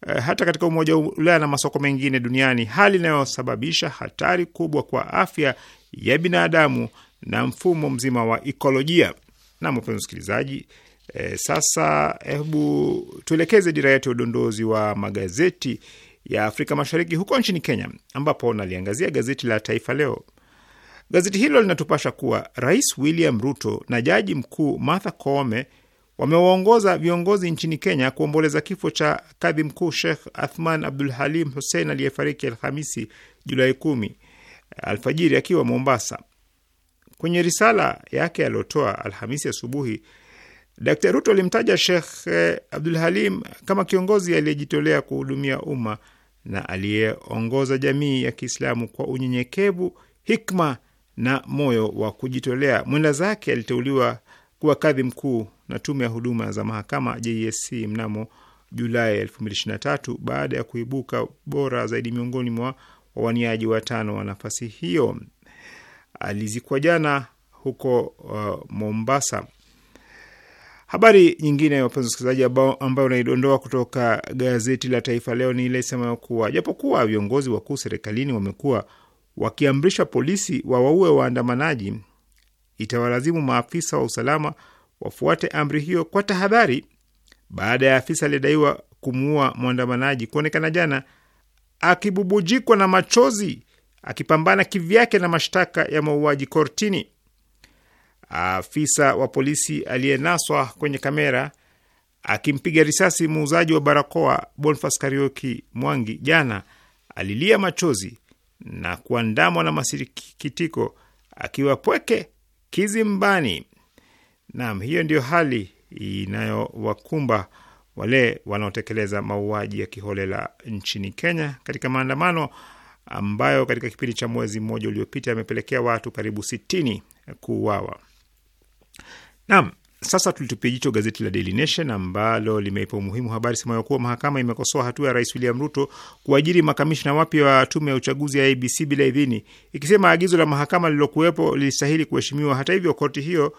eh, hata katika Umoja wa Ulaya na masoko mengine duniani, hali inayosababisha hatari kubwa kwa afya ya binadamu na mfumo mzima wa ikolojia. Na mpenzi msikilizaji, eh, sasa hebu tuelekeze dira yetu ya udondozi wa magazeti ya Afrika Mashariki huko nchini Kenya, ambapo naliangazia gazeti la Taifa Leo Gazeti hilo linatupasha kuwa Rais William Ruto na Jaji Mkuu Martha Koome wamewaongoza viongozi nchini Kenya kuomboleza kifo cha kadhi mkuu Sheikh Athman Abdul Halim Hussein aliyefariki Alhamisi Julai kumi alfajiri akiwa Mombasa. Kwenye risala yake aliyotoa Alhamisi asubuhi, d Ruto alimtaja Sheikh eh, Abdul Halim kama kiongozi aliyejitolea kuhudumia umma na aliyeongoza jamii ya Kiislamu kwa unyenyekevu, hikma na moyo wa kujitolea. Mwenda zake aliteuliwa kuwa kadhi mkuu na tume ya huduma za mahakama JSC e mnamo Julai 2023 baada ya kuibuka bora zaidi miongoni mwa wawaniaji watano wa nafasi hiyo. Alizikwa jana huko uh, Mombasa. Habari nyingine, wapenzi wasikilizaji, ambayo naidondoa kutoka gazeti la Taifa Leo ni ile isemayo kuwa japokuwa viongozi wakuu serikalini wamekuwa wakiamrisha polisi wawaue waandamanaji, itawalazimu maafisa wa usalama wafuate amri hiyo kwa tahadhari, baada ya afisa aliyedaiwa kumuua mwandamanaji kuonekana jana akibubujikwa na machozi akipambana kivyake na mashtaka ya mauaji kortini. Afisa wa polisi aliyenaswa kwenye kamera akimpiga risasi muuzaji wa barakoa Bonfas Karioki Mwangi jana alilia machozi na kuandamwa na masikitiko, akiwa pweke kizimbani. Naam, hiyo ndiyo hali inayowakumba wale wanaotekeleza mauaji ya kiholela nchini Kenya katika maandamano ambayo katika kipindi cha mwezi mmoja uliopita yamepelekea watu karibu sitini kuuawa. Naam, sasa tulitupia jicho gazeti la Daily Nation ambalo limeipa umuhimu habari semayo kuwa mahakama imekosoa hatua ya Rais William Ruto kuajiri makamishna wapya wa tume ya uchaguzi ya ABC bila idhini, ikisema agizo la mahakama lililokuwepo lilistahili kuheshimiwa. Hata hivyo, koti hiyo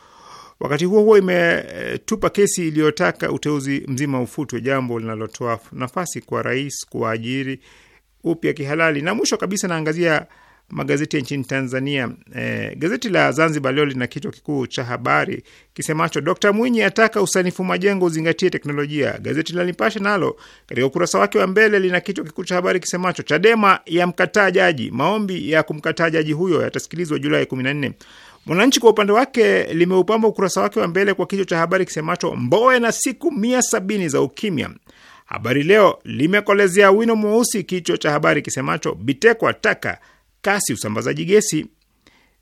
wakati huo huo imetupa kesi iliyotaka uteuzi mzima ufutwe, jambo linalotoa nafasi kwa rais kuwaajiri upya kihalali. Na mwisho kabisa naangazia magazeti ya nchini Tanzania. E, gazeti la Zanzibar Leo lina kichwa kikuu cha habari kisemacho Dkt Mwinyi ataka usanifu majengo uzingatie teknolojia. Gazeti la Nipashe nalo katika ukurasa wake wa mbele lina kichwa kikuu cha habari kisemacho Chadema ya mkataa jaji, maombi ya kumkataa jaji huyo yatasikilizwa Julai 14. Mwananchi kwa upande wake limeupamba ukurasa wake wa mbele kwa kichwa cha habari kisemacho Mbowe na siku mia sabini za ukimya. Habari Leo limekolezea wino mweusi kichwa cha habari kisemacho Biteko ataka kasi usambazaji gesi.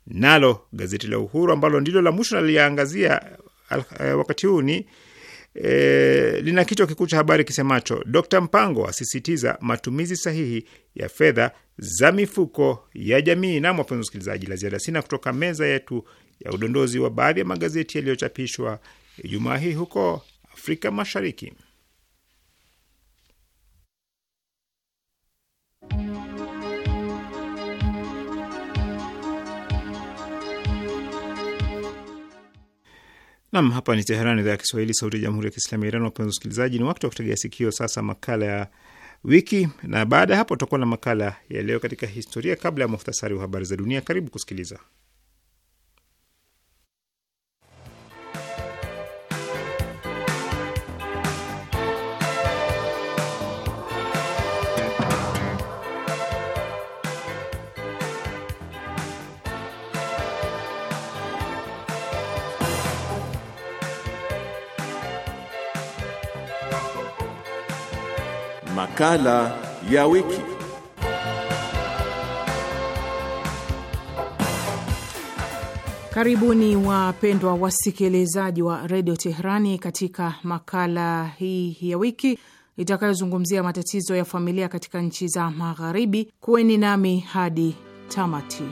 Nalo gazeti la Uhuru ambalo ndilo la mwisho naliangazia eh, wakati huu ni e, lina kichwa kikuu cha habari kisemacho Dr. Mpango asisitiza matumizi sahihi ya fedha za mifuko ya jamii. Na wapenzi wasikilizaji, la ziada sina kutoka meza yetu ya udondozi wa baadhi ya magazeti yaliyochapishwa Ijumaa hii huko Afrika Mashariki. Nam, hapa ni Teheran, idhaa ya Kiswahili, sauti ya jamhuri ya kiislamu ya Iran. Wapenzi wasikilizaji, ni wakati wa kutegea sikio sasa makala ya wiki, na baada ya hapo tutakuwa na makala ya leo katika historia, kabla ya muhtasari wa habari za dunia. Karibu kusikiliza. Makala ya wiki. Karibuni wapendwa wasikilizaji wa redio Teherani katika makala hii ya wiki itakayozungumzia matatizo ya familia katika nchi za Magharibi. Kuweni nami hadi tamati.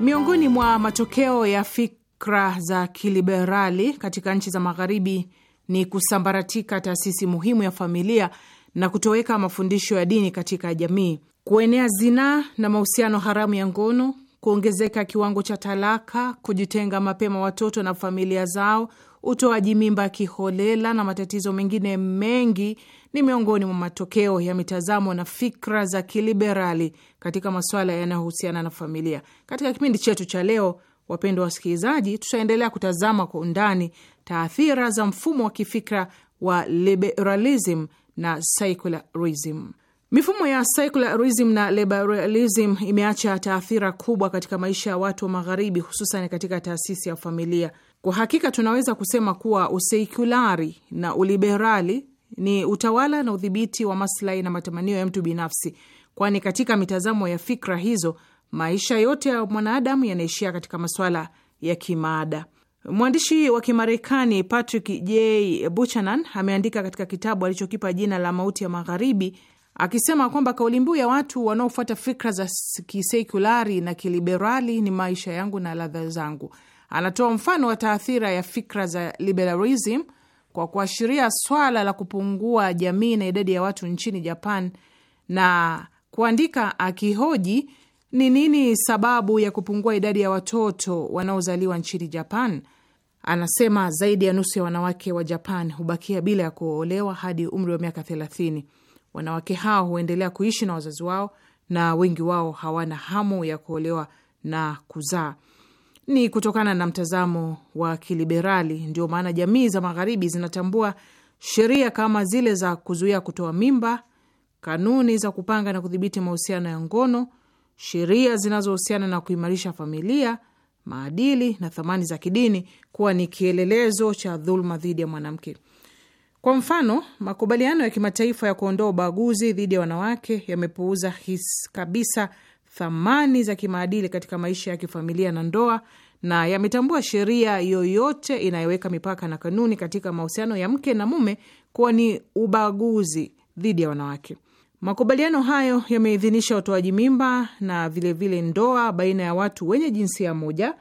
Miongoni mwa matokeo ya fik fikra za kiliberali katika nchi za Magharibi ni kusambaratika taasisi muhimu ya familia na kutoweka mafundisho ya dini katika jamii, kuenea zinaa na mahusiano haramu ya ngono, kuongezeka kiwango cha talaka, kujitenga mapema watoto na familia zao, utoaji mimba kiholela na matatizo mengine mengi ni miongoni mwa matokeo ya mitazamo na fikra za kiliberali katika masuala yanayohusiana na familia. Katika kipindi chetu cha leo Wapendwa wasikilizaji, tutaendelea kutazama kwa undani taathira za mfumo wa kifikra wa liberalism na secularism. Mifumo ya secularism na liberalism imeacha taathira kubwa katika maisha ya watu wa Magharibi, hususan katika taasisi ya familia. Kwa hakika tunaweza kusema kuwa usekulari na uliberali ni utawala na udhibiti wa maslahi na matamanio ya mtu binafsi, kwani katika mitazamo ya fikra hizo maisha yote ya mwanadamu yanaishia katika masuala ya kimaada. Mwandishi wa Kimarekani Patrick J Buchanan ameandika katika kitabu alichokipa jina la Mauti ya Magharibi akisema kwamba kauli mbiu ya watu wanaofuata fikra za kisekulari na kiliberali ni maisha yangu na ladha zangu. Anatoa mfano wa taathira ya fikra za liberalism kwa kuashiria swala la kupungua jamii na idadi ya watu nchini Japan na kuandika akihoji ni nini sababu ya kupungua idadi ya watoto wanaozaliwa nchini Japan? Anasema zaidi ya nusu ya wanawake wa Japan hubakia bila ya kuolewa hadi umri wa miaka thelathini. Wanawake hao huendelea kuishi na wazazi wao na wengi wao hawana hamu ya kuolewa na kuzaa. Ni kutokana na mtazamo wa kiliberali, ndio maana jamii za magharibi zinatambua sheria kama zile za kuzuia kutoa mimba, kanuni za kupanga na kudhibiti mahusiano ya ngono sheria zinazohusiana na kuimarisha familia, maadili na thamani za kidini kuwa ni kielelezo cha dhuluma dhidi ya mwanamke. Kwa mfano, makubaliano ya kimataifa ya kuondoa ubaguzi dhidi ya wanawake yamepuuza kabisa thamani za kimaadili katika maisha ya kifamilia na ndoa na yametambua sheria yoyote inayoweka mipaka na kanuni katika mahusiano ya mke na mume kuwa ni ubaguzi dhidi ya wanawake. Makubaliano hayo yameidhinisha utoaji mimba na vilevile vile ndoa baina ya watu wenye jinsia moja,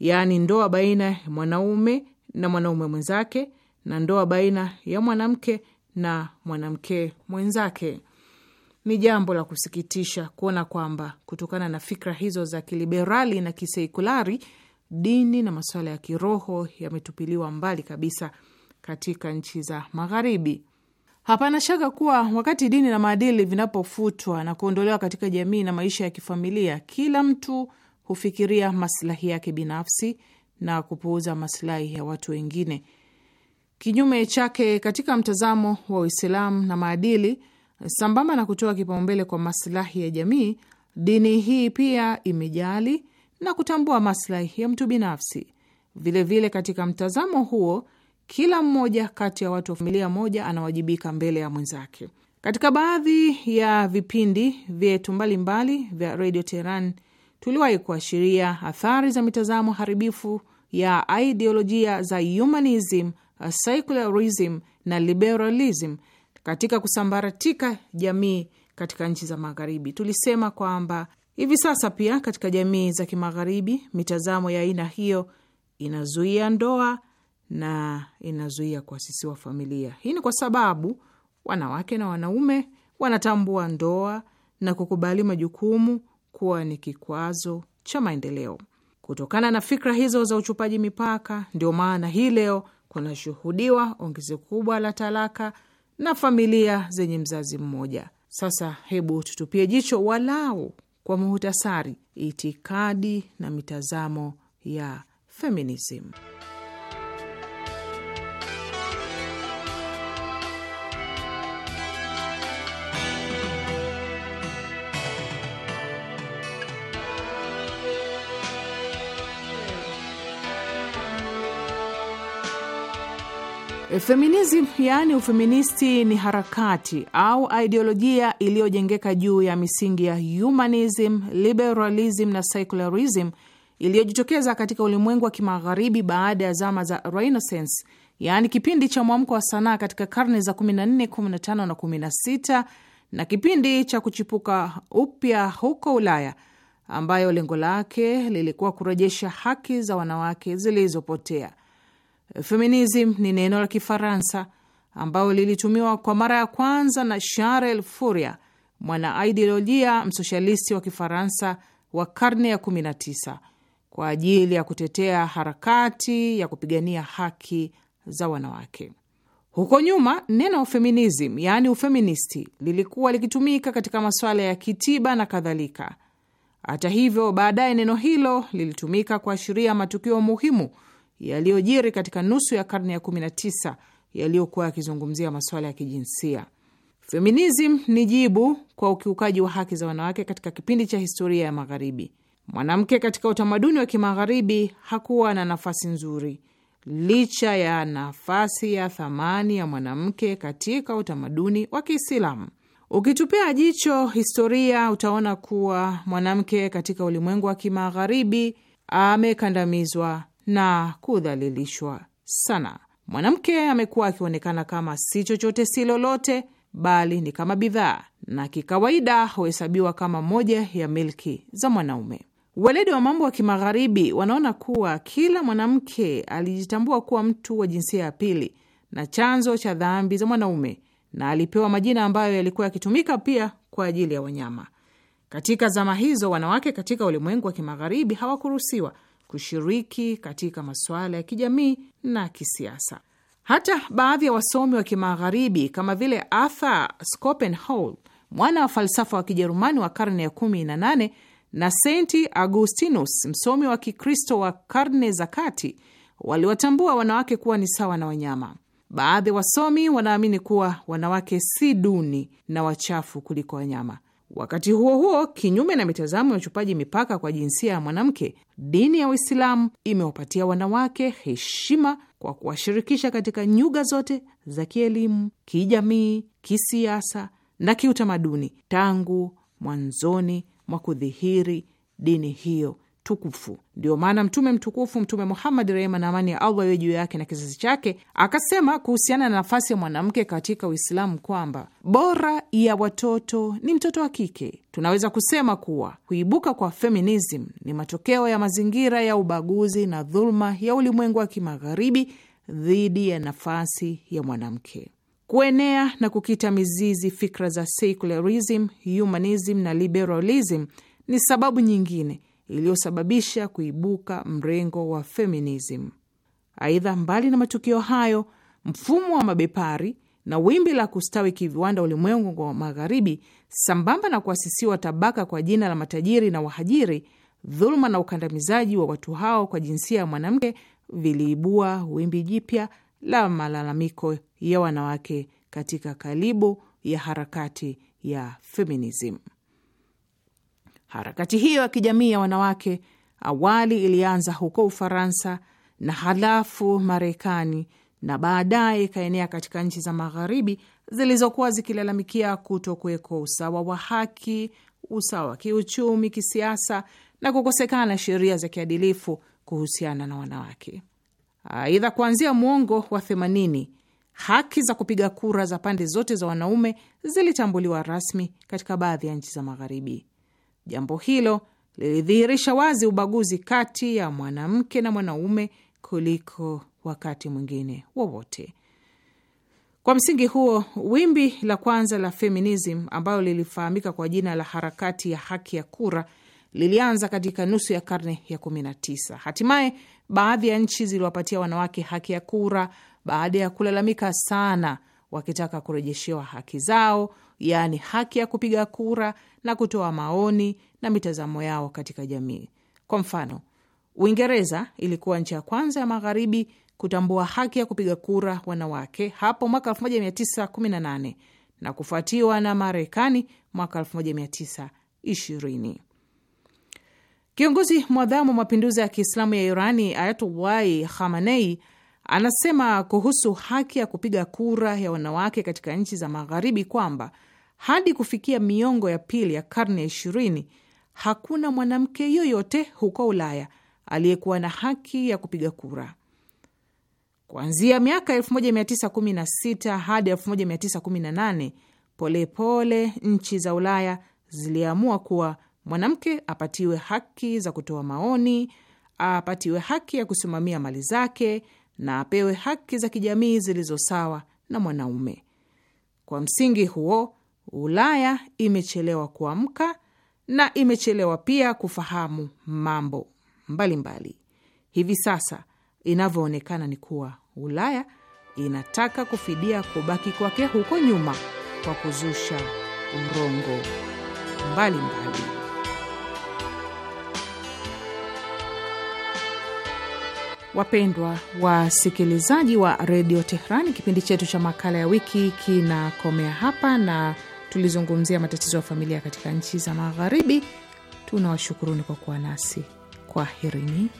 yaani ndoa baina ya mwanaume na mwanaume mwenzake na ndoa baina ya mwanamke na mwanamke mwenzake. Ni jambo la kusikitisha kuona kwamba kutokana na fikra hizo za kiliberali na kiseikulari, dini na masuala ya kiroho yametupiliwa mbali kabisa katika nchi za Magharibi. Hapana shaka kuwa wakati dini na maadili vinapofutwa na kuondolewa katika jamii na maisha ya kifamilia, kila mtu hufikiria maslahi yake binafsi na kupuuza maslahi ya watu wengine. Kinyume chake, katika mtazamo wa Uislamu na maadili, sambamba na kutoa kipaumbele kwa maslahi ya jamii, dini hii pia imejali na kutambua maslahi ya mtu binafsi. Vilevile, katika mtazamo huo kila mmoja kati ya watu wa familia moja anawajibika mbele ya mwenzake. Katika baadhi ya vipindi vyetu mbalimbali vya redio Teheran tuliwahi kuashiria athari za mitazamo haribifu ya ideolojia za humanism, secularism na liberalism katika kusambaratika jamii katika nchi za Magharibi. Tulisema kwamba hivi sasa pia katika jamii za Kimagharibi mitazamo ya aina hiyo inazuia ndoa na inazuia kuasisiwa familia. Hii ni kwa sababu wanawake na wanaume wanatambua ndoa na kukubali majukumu kuwa ni kikwazo cha maendeleo. Kutokana na fikra hizo za uchupaji mipaka, ndio maana hii leo kunashuhudiwa ongezeko kubwa la talaka na familia zenye mzazi mmoja. Sasa hebu tutupie jicho walau kwa muhtasari itikadi na mitazamo ya feminism. Eh, feminism yaani ufeministi ni harakati au ideolojia iliyojengeka juu ya misingi ya humanism, liberalism na secularism iliyojitokeza katika ulimwengu wa kimagharibi baada ya zama za Renaissance, yaani kipindi cha mwamko wa sanaa katika karne za 14, 15 na 16 na kipindi cha kuchipuka upya huko Ulaya, ambayo lengo lake lilikuwa kurejesha haki za wanawake zilizopotea. Feminism ni neno la Kifaransa ambalo lilitumiwa kwa mara ya kwanza na furia Fourier, idiolojia msoshalisti wa Kifaransa wa karne ya 19 kwa ajili ya kutetea harakati ya kupigania haki za wanawake. Huko nyuma neno feminism, yaani ufeministi, lilikuwa likitumika katika masuala ya kitiba na kadhalika. Hata hivyo, baadaye neno hilo lilitumika kuashiria matukio muhimu yaliyojiri katika nusu ya karne ya 19 yaliyokuwa yakizungumzia masuala ya kijinsia. Feminism ni jibu kwa ukiukaji wa haki za wanawake katika kipindi cha historia ya Magharibi. Mwanamke katika utamaduni wa kimagharibi hakuwa na nafasi nzuri, licha ya nafasi ya thamani ya mwanamke katika utamaduni wa Kiislamu. Ukitupia jicho historia, utaona kuwa mwanamke katika ulimwengu wa kimagharibi amekandamizwa na kudhalilishwa sana. Mwanamke amekuwa akionekana kama si chochote si lolote, bali ni kama bidhaa, na kikawaida huhesabiwa kama moja ya milki za mwanaume. Weledi wa mambo wa kimagharibi wanaona kuwa kila mwanamke alijitambua kuwa mtu wa jinsia ya pili na chanzo cha dhambi za mwanaume, na alipewa majina ambayo yalikuwa yakitumika pia kwa ajili ya wanyama. Katika zama hizo, wanawake katika ulimwengu wa kimagharibi hawakuruhusiwa kushiriki katika masuala ya kijamii na kisiasa. Hata baadhi ya wasomi wa kimagharibi kama vile Arthur Schopenhauer, mwana wa falsafa wa Kijerumani wa karne ya 18 na Saint Augustinus, msomi wa Kikristo wa karne za kati, waliwatambua wanawake kuwa ni sawa na wanyama. Baadhi ya wasomi wanaamini kuwa wanawake si duni na wachafu kuliko wanyama. Wakati huo huo, kinyume na mitazamo ya uchupaji mipaka kwa jinsia ya mwanamke, dini ya Uislamu imewapatia wanawake heshima kwa kuwashirikisha katika nyuga zote za kielimu, kijamii, kisiasa na kiutamaduni tangu mwanzoni mwa kudhihiri dini hiyo tukufu. Ndiyo maana Mtume mtukufu Mtume Muhammad, rehema na amani ya Allah iwe juu yake na kizazi chake, akasema kuhusiana na nafasi ya mwanamke katika Uislamu kwamba bora ya watoto ni mtoto wa kike. Tunaweza kusema kuwa kuibuka kwa feminism ni matokeo ya mazingira ya ubaguzi na dhuluma ya ulimwengu wa kimagharibi dhidi ya nafasi ya mwanamke. Kuenea na kukita mizizi fikra za secularism, humanism na liberalism ni sababu nyingine iliyosababisha kuibuka mrengo wa feminism. Aidha, mbali na matukio hayo, mfumo wa mabepari na wimbi la kustawi kiviwanda ulimwengu wa Magharibi, sambamba na kuasisiwa tabaka kwa jina la matajiri na wahajiri, dhuluma na ukandamizaji wa watu hao kwa jinsia ya mwanamke viliibua wimbi jipya la malalamiko ya wanawake katika kalibu ya harakati ya feminism. Harakati hiyo ya kijamii ya wanawake awali ilianza huko Ufaransa na halafu Marekani na baadaye ikaenea katika nchi za Magharibi zilizokuwa zikilalamikia kuto kuweko usawa wa haki, usawa wa kiuchumi, kisiasa na kukosekana sheria za kiadilifu kuhusiana na wanawake. Aidha, kuanzia mwongo wa themanini haki za kupiga kura za pande zote za wanaume zilitambuliwa rasmi katika baadhi ya nchi za Magharibi. Jambo hilo lilidhihirisha wazi ubaguzi kati ya mwanamke na mwanaume kuliko wakati mwingine wowote. Kwa msingi huo, wimbi la kwanza la feminism ambalo lilifahamika kwa jina la harakati ya haki ya kura lilianza katika nusu ya karne ya 19. Hatimaye baadhi ya nchi ziliwapatia wanawake haki ya kura baada ya kulalamika sana wakitaka kurejeshewa haki zao, yaani haki ya kupiga kura na kutoa maoni na mitazamo yao katika jamii. Kwa mfano, Uingereza ilikuwa nchi ya kwanza ya magharibi kutambua haki ya kupiga kura wanawake hapo mwaka 1918 na kufuatiwa na Marekani mwaka 1920. Kiongozi mwadhamu wa mapinduzi ya Kiislamu ya Irani Ayatullahi Khamenei anasema kuhusu haki ya kupiga kura ya wanawake katika nchi za magharibi kwamba hadi kufikia miongo ya pili ya karne ya ishirini, hakuna mwanamke yoyote huko Ulaya aliyekuwa na haki ya kupiga kura. Kuanzia miaka 1916 hadi 1918, polepole nchi za Ulaya ziliamua kuwa mwanamke apatiwe haki za kutoa maoni, apatiwe haki ya kusimamia mali zake na apewe haki za kijamii zilizo sawa na mwanaume. Kwa msingi huo, Ulaya imechelewa kuamka na imechelewa pia kufahamu mambo mbalimbali mbali. Hivi sasa inavyoonekana ni kuwa Ulaya inataka kufidia kubaki kwake huko nyuma kwa kuzusha urongo mbalimbali mbali. Wapendwa wasikilizaji wa redio Tehrani, kipindi chetu cha makala ya wiki kinakomea hapa na tulizungumzia matatizo ya familia katika nchi za Magharibi. Tunawashukuruni kwa kuwa nasi, kwaherini.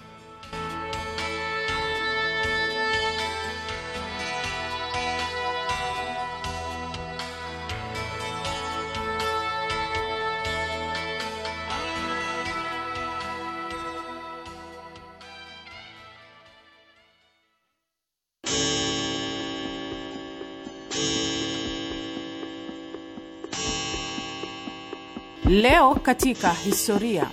Leo katika historia.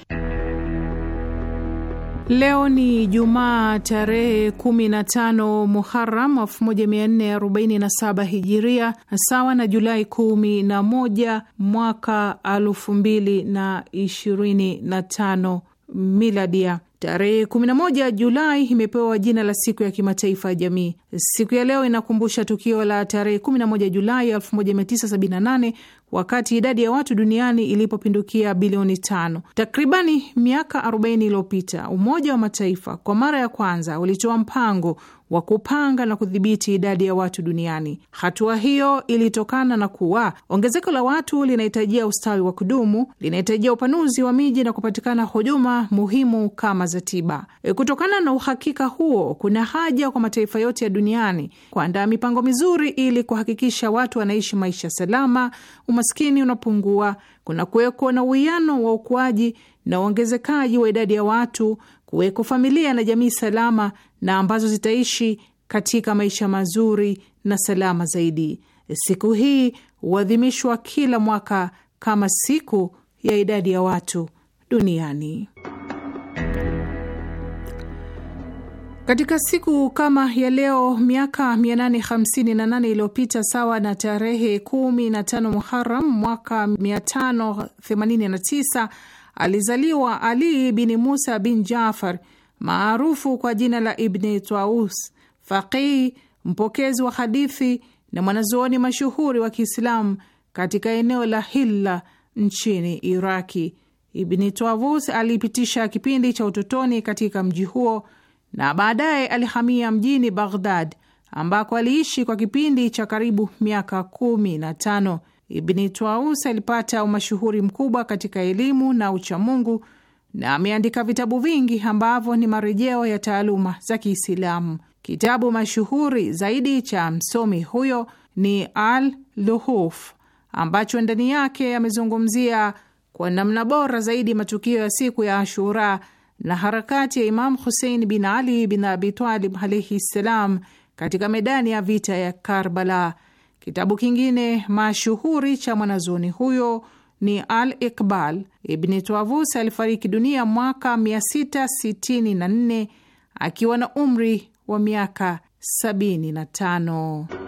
Leo ni Jumaa tarehe 15 Muharam 1447 Hijiria, sawa na Julai 11 mwaka 2025 Miladia. Tarehe 11 Julai imepewa jina la siku ya kimataifa ya jamii. Siku ya leo inakumbusha tukio la tarehe 11 Julai 1978 wakati idadi ya watu duniani ilipopindukia bilioni tano. Takribani miaka 40 iliyopita, Umoja wa Mataifa kwa mara ya kwanza ulitoa mpango wa kupanga na kudhibiti idadi ya watu duniani. Hatua hiyo ilitokana na kuwa ongezeko la watu linahitajia ustawi wa kudumu, linahitajia upanuzi wa miji na kupatikana huduma muhimu kama za tiba. E, kutokana na uhakika huo, kuna haja kwa mataifa yote ya duniani kuandaa mipango mizuri ili kuhakikisha watu wanaishi maisha salama, umaskini unapungua, kuna kuwekwa na uwiano wa ukuaji na uongezekaji wa idadi ya watu, kuwekwa familia na jamii salama na ambazo zitaishi katika maisha mazuri na salama zaidi. Siku hii huadhimishwa kila mwaka kama siku ya idadi ya watu duniani. Katika siku kama ya leo miaka 858 iliyopita sawa na tarehe 15 Muharam mwaka 589 alizaliwa Ali bin Musa bin Jafar maarufu kwa jina la Ibni Taus, faqihi, mpokezi wa hadithi na mwanazuoni mashuhuri wa Kiislamu katika eneo la Hilla nchini Iraki. Ibni Taus alipitisha kipindi cha utotoni katika mji huo na baadaye alihamia mjini Baghdad ambako aliishi kwa kipindi cha karibu miaka kumi na tano. Ibni Twaus alipata umashuhuri mkubwa katika elimu na uchamungu na ameandika vitabu vingi ambavyo ni marejeo ya taaluma za Kiislamu. Kitabu mashuhuri zaidi cha msomi huyo ni Al Luhuf ambacho ndani yake amezungumzia kwa namna bora zaidi matukio ya siku ya Ashura na harakati ya Imam Husein bin Ali bin Abitalib alaihi ssalam katika medani ya vita ya Karbala. Kitabu kingine mashuhuri cha mwanazuoni huyo ni Al iqbal Ibni Twavus alifariki dunia mwaka 664 akiwa na umri wa miaka 75.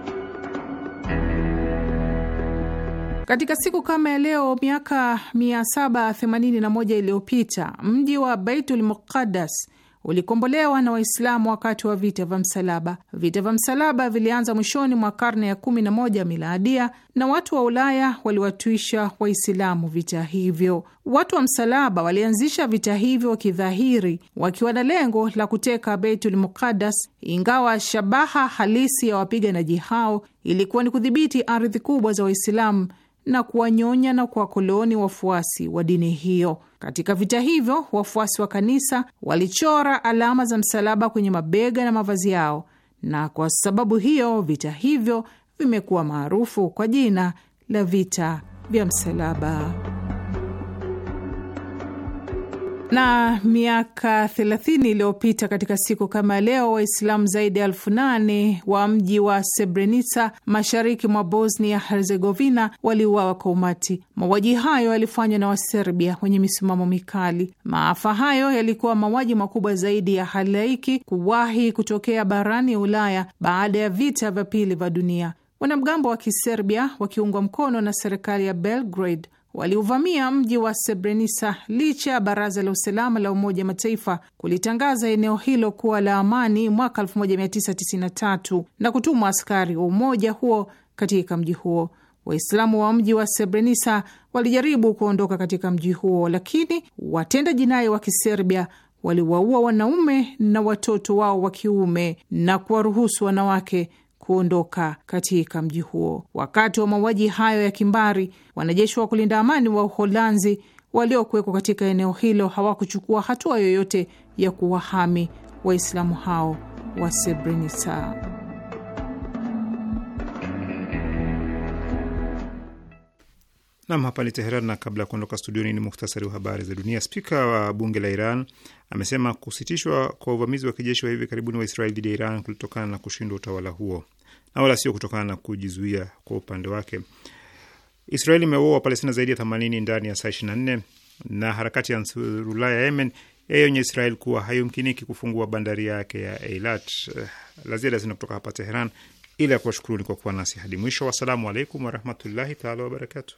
Katika siku kama ya leo miaka 781 iliyopita mji wa Baitul Muqaddas ulikombolewa na Waislamu wakati wa vita vya msalaba. Vita vya msalaba vilianza mwishoni mwa karne ya 11 miladia, na watu wa Ulaya waliwatwisha Waislamu vita hivyo. Watu wa msalaba walianzisha vita hivyo kidhahiri, wakiwa na lengo la kuteka Beitul Muqaddas, ingawa shabaha halisi ya wapiganaji hao ilikuwa ni kudhibiti ardhi kubwa za Waislamu na kuwanyonya na kuwakoloni wafuasi wa dini hiyo. Katika vita hivyo, wafuasi wa kanisa walichora alama za msalaba kwenye mabega na mavazi yao, na kwa sababu hiyo vita hivyo vimekuwa maarufu kwa jina la vita vya msalaba. Na miaka 30 iliyopita katika siku kama leo, Waislamu zaidi ya elfu nane wa mji wa Srebrenica mashariki mwa Bosnia Herzegovina waliuawa kwa umati. Mauaji hayo yalifanywa na Waserbia wenye misimamo mikali. Maafa hayo yalikuwa mauaji makubwa zaidi ya halaiki kuwahi kutokea barani Ulaya baada ya vita vya pili vya dunia. Wanamgambo wa Kiserbia wakiungwa mkono na serikali ya Belgrade waliuvamia mji wa Srebrenica licha ya baraza la usalama la Umoja wa Mataifa kulitangaza eneo hilo kuwa la amani mwaka 1993 na kutumwa askari wa umoja huo katika mji huo. Waislamu wa mji wa Srebrenica walijaribu kuondoka katika mji huo, lakini watenda jinai wa Kiserbia waliwaua wanaume na watoto wao wa kiume na kuwaruhusu wanawake kuondoka katika mji huo. Wakati wa mauaji hayo ya kimbari, wanajeshi wa kulinda amani wa Uholanzi waliokuwekwa katika eneo hilo hawakuchukua hatua yoyote ya kuwahami Waislamu hao wa Srebrenica. Nam, hapa ni Teheran, na kabla ya kuondoka studioni ni muhtasari wa habari za dunia. Spika wa bunge la Iran amesema kusitishwa kwa uvamizi wa kijeshi wa hivi karibuni wa Israeli dhidi ya Iran kulitokana na kushindwa utawala huo na wala sio kutokana na kujizuia kwa upande wake. Israeli imeua Wapalestina zaidi ya 80 ndani ya saa 24 na harakati ya Ansarullah ya Yemen yaionye Israel kuwa hayumkiniki kufungua bandari yake ya Eilat. La ziada zina kutoka hapa Teheran, ila kuwashukuruni kwa kuwa nasi hadi mwisho. Wassalamu alaikum warahmatullahi taala wabarakatuh